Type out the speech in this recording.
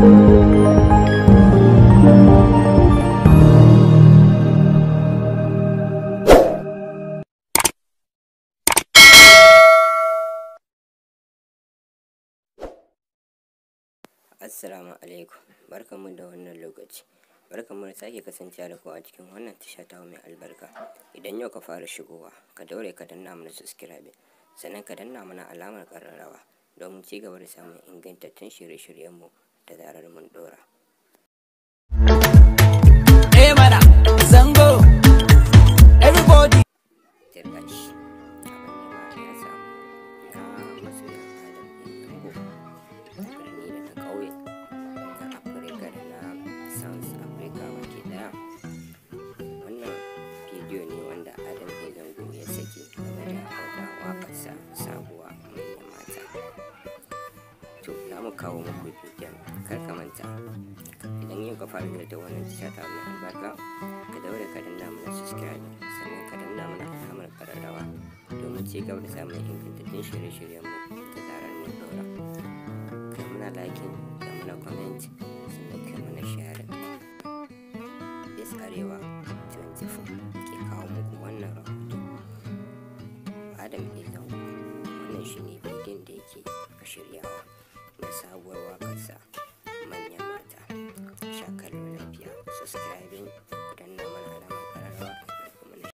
Assalamu alaikum barkanmu da wannan lokaci barkanmu da sake kasancewa da ku a cikin wannan tasha ta mai albarka idan yau ka fara shigowa ka daure ka danna mana subscribe sannan ka danna mana alamar don domin ci gaba da samun ingantattun shirye-shiryenmu da zarar mun dora eh, zango everybody saki game da wata waƙarsa sabuwa mai to za mu kawo muku bidiyon kar ka manta idan yau ka fara da wannan tisha ta mai albarka ka daure ka danna mana subscribe sannan ka danna mana alamar kararrawa domin ci gaba da samun ingantattun shirye-shiryen mu ta zarar mun dora kai muna liking ka muna comment sannan kai muna share yes arewa 24 ke kawo muku wannan rahoto adam ilau wannan shi ne bidiyon da yake a shiryawa Mesa Wewa Kasa.